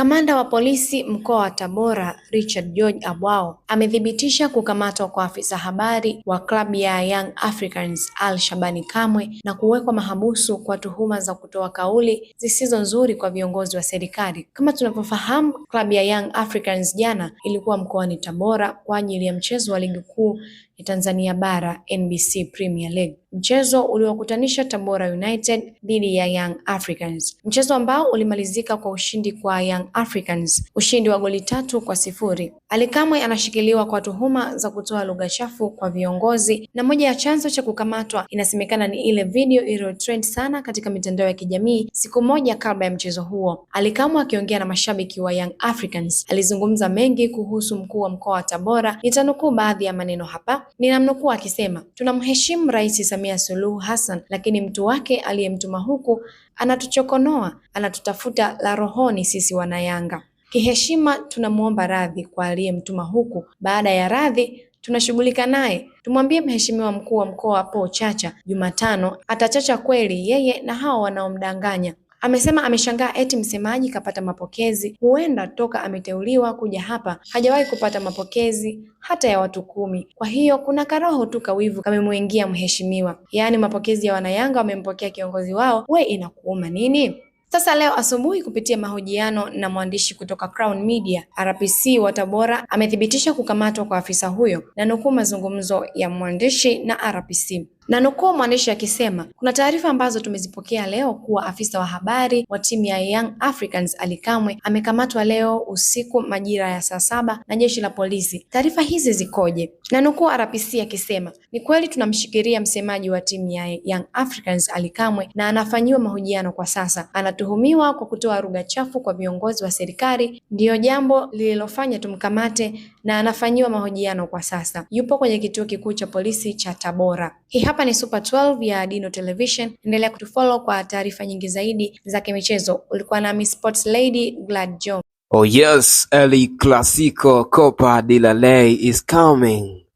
Kamanda wa polisi mkoa wa Tabora Richard George Abwao amethibitisha kukamatwa kwa afisa habari wa klabu ya Young Africans Al Shabani Kamwe na kuwekwa mahabusu kwa tuhuma za kutoa kauli zisizo nzuri kwa viongozi wa serikali. Kama tunavyofahamu, klabu ya Young Africans jana ilikuwa mkoani Tabora kwa ajili ya mchezo wa ligi kuu ya Tanzania Bara NBC Premier League, mchezo uliokutanisha Tabora United dhidi ya Young Africans, mchezo ambao ulimalizika kwa ushindi kwa Young Africans, ushindi wa goli tatu kwa sifuri alikamwe Kamwe anashikiliwa kwa tuhuma za kutoa lugha chafu kwa viongozi, na moja ya chanzo cha kukamatwa inasemekana ni ile video iliyotrend sana katika mitandao ya kijamii siku moja kabla ya mchezo huo. alikamwe Kamwe akiongea na mashabiki wa Young Africans alizungumza mengi kuhusu mkuu wa mkoa wa Tabora. Nitanukuu baadhi ya maneno hapa, ninamnukuu akisema, tunamheshimu Rais Samia Suluhu Hassan, lakini mtu wake aliyemtuma huku anatuchokonoa, anatutafuta la rohoni sisi Wanayanga. Kiheshima tunamwomba radhi kwa aliyemtuma huku, baada ya radhi tunashughulika naye. Tumwambie Mheshimiwa Mkuu wa Mkoa Po Chacha Jumatano atachacha kweli yeye na hao wanaomdanganya. Amesema ameshangaa eti msemaji kapata mapokezi. Huenda toka ameteuliwa kuja hapa hajawahi kupata mapokezi hata ya watu kumi. Kwa hiyo kuna karoho tu kawivu kamemwingia mheshimiwa, yaani mapokezi ya Wanayanga wamempokea kiongozi wao. We, inakuuma nini? Sasa leo asubuhi kupitia mahojiano na mwandishi kutoka Crown Media, RPC wa Tabora amethibitisha kukamatwa kwa afisa huyo na nukuu mazungumzo ya mwandishi na RPC na nukuu mwandishi akisema, kuna taarifa ambazo tumezipokea leo kuwa afisa wa habari wa timu ya Young Africans alikamwe Kamwe amekamatwa leo usiku majira ya saa saba na jeshi la polisi. Taarifa hizi zikoje? Na nukuu RPC akisema, ni kweli tunamshikiria msemaji wa timu ya Young Africans Ali Kamwe na anafanyiwa mahojiano kwa sasa. Anatuhumiwa kwa kutoa lugha chafu kwa viongozi wa serikali, ndiyo jambo lililofanya tumkamate na anafanyiwa mahojiano kwa sasa. Yupo kwenye kituo kikuu cha polisi cha Tabora. Hii hapa ni Super 12 ya Dino Television, endelea kutufollow kwa taarifa nyingi zaidi za kimichezo. Ulikuwa nami Sports Lady Glad John. Oh yes, El Clasico Copa la Ley is coming.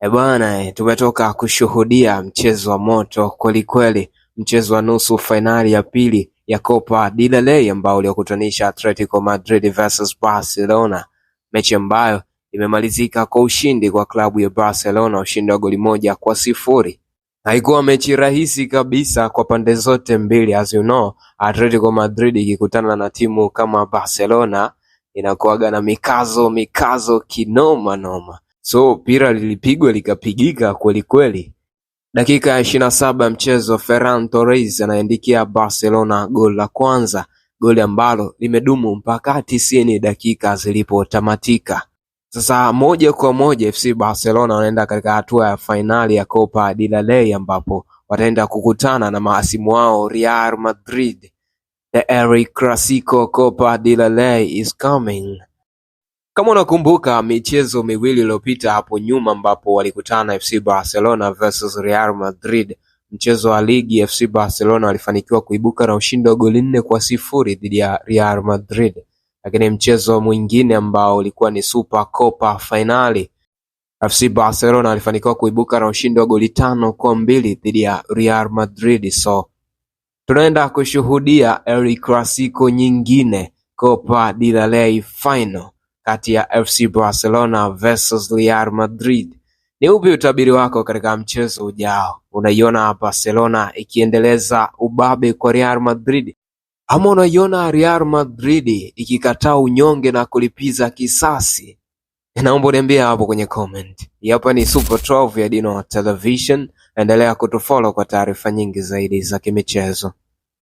Ebana, eh, eh, tumetoka kushuhudia mchezo wa moto kwelikweli, mchezo wa nusu fainali ya pili ya Copa la Ley ambao uliokutanisha Atletico Madrid versus Barcelona, mechi ambayo imemalizika kwa ushindi kwa klabu ya Barcelona, ushindi wa goli moja kwa sifuri. Haikuwa mechi rahisi kabisa kwa pande zote mbili. As you know, Atletico Madrid ikikutana na timu kama Barcelona inakuwaga na mikazo mikazo kinoma noma, so pira lilipigwa likapigika kweli kweli. Dakika ya ishirini na saba mchezo, Ferran Torres anaandikia Barcelona goli la kwanza, goli ambalo limedumu mpaka tisini dakika zilipotamatika sasa moja kwa moja FC Barcelona wanaenda katika hatua ya fainali ya Copa del Rey ambapo wataenda kukutana na mahasimu wao Real Madrid. The El Clasico Copa del Rey is coming. Kama unakumbuka michezo miwili iliyopita hapo nyuma ambapo walikutana FC Barcelona versus Real Madrid, mchezo wa ligi FC Barcelona walifanikiwa kuibuka na ushindi wa goli nne kwa sifuri dhidi ya Real Madrid. Lakini mchezo mwingine ambao ulikuwa ni Super Copa finali FC Barcelona alifanikiwa kuibuka na ushindi wa goli tano kwa mbili dhidi ya Real Madrid. So tunaenda kushuhudia El Clasico nyingine, Copa del Rey final kati ya FC Barcelona versus Real Madrid. Ni upi utabiri wako katika mchezo ujao? Unaiona Barcelona ikiendeleza ubabe kwa Real Madrid ama unaiona real madrid ikikataa unyonge na kulipiza kisasi naomba uniambie hapo kwenye comment hapa ni super 12 ya Dino Television endelea kutufollow kwa taarifa nyingi zaidi za kimichezo